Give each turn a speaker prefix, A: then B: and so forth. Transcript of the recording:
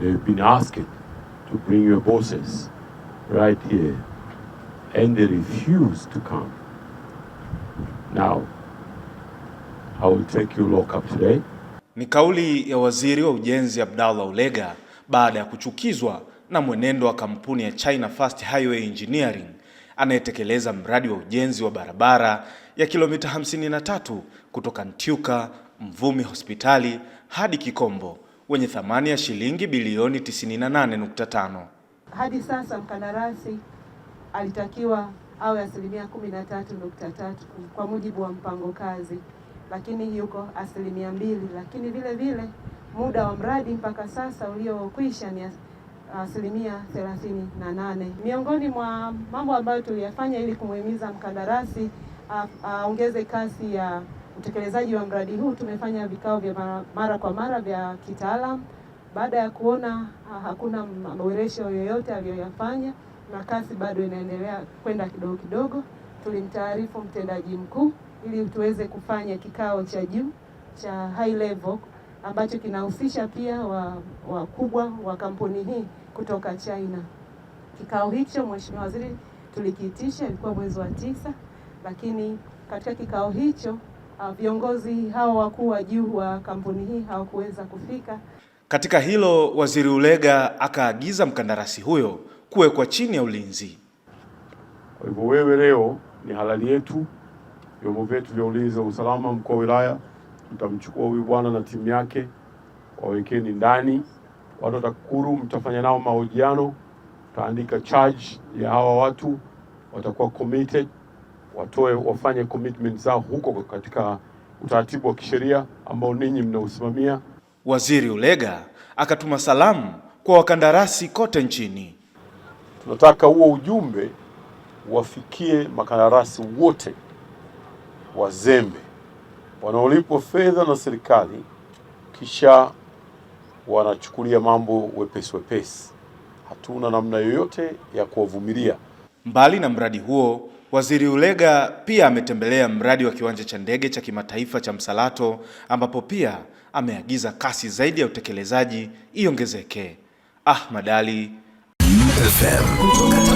A: They've been asking to bring your bosses right here, and they refuse to come. Now, I will take you lock up today.
B: Ni kauli ya Waziri wa Ujenzi Abdallah Ulega baada ya kuchukizwa na mwenendo wa kampuni ya China Fast Highway Engineering anayetekeleza mradi wa ujenzi wa barabara ya kilomita 53 kutoka Ntyuka, Mvumi hospitali hadi Kikombo wenye thamani ya shilingi bilioni 98.5.
C: Hadi sasa mkandarasi alitakiwa awe asilimia 13.3 kwa mujibu wa mpango kazi, lakini yuko asilimia mbili. Lakini vile vile muda wa mradi mpaka sasa uliokwisha ni asilimia 38. Miongoni mwa mambo ambayo tuliyafanya ili kumuhimiza mkandarasi aongeze kasi ya utekelezaji wa mradi huu tumefanya vikao vya mara, mara kwa mara vya kitaalam baada ya kuona ha, hakuna maboresho yoyote aliyoyafanya na kasi bado inaendelea kwenda kidogo kidogo, tulimtaarifu mtendaji mkuu ili tuweze kufanya kikao cha juu cha high level ambacho kinahusisha pia wakubwa wa, wa kampuni hii kutoka China. Kikao hicho Mheshimiwa Waziri, tulikiitisha ilikuwa mwezi wa tisa, lakini katika kikao hicho Ah, viongozi hao wakuu wa juu wa kampuni hii hawakuweza kufika.
B: Katika hilo, Waziri Ulega akaagiza mkandarasi huyo kuwekwa chini ya ulinzi.
D: Kwa hivyo wewe, leo ni halali yetu, vyombo vyetu vya ulinzi na usalama, mkuu wa wilaya, mtamchukua huyu bwana na timu yake, wawekeni ndani. Watu watakukuru, mtafanya nao mahojiano, utaandika charge ya hawa watu, watakuwa committed watoe wafanye commitment zao huko katika utaratibu wa kisheria ambao ninyi mnausimamia.
B: Waziri Ulega akatuma salamu kwa wakandarasi kote nchini.
D: Tunataka huo ujumbe wafikie makandarasi wote wazembe wanaolipwa fedha na serikali kisha wanachukulia mambo wepesi wepesi. Hatuna namna yoyote ya kuwavumilia.
B: Mbali na mradi huo, Waziri Ulega pia ametembelea mradi wa kiwanja cha ndege cha kimataifa cha Msalato ambapo pia ameagiza kasi zaidi ya utekelezaji iongezeke. Ahmad Ali, FM.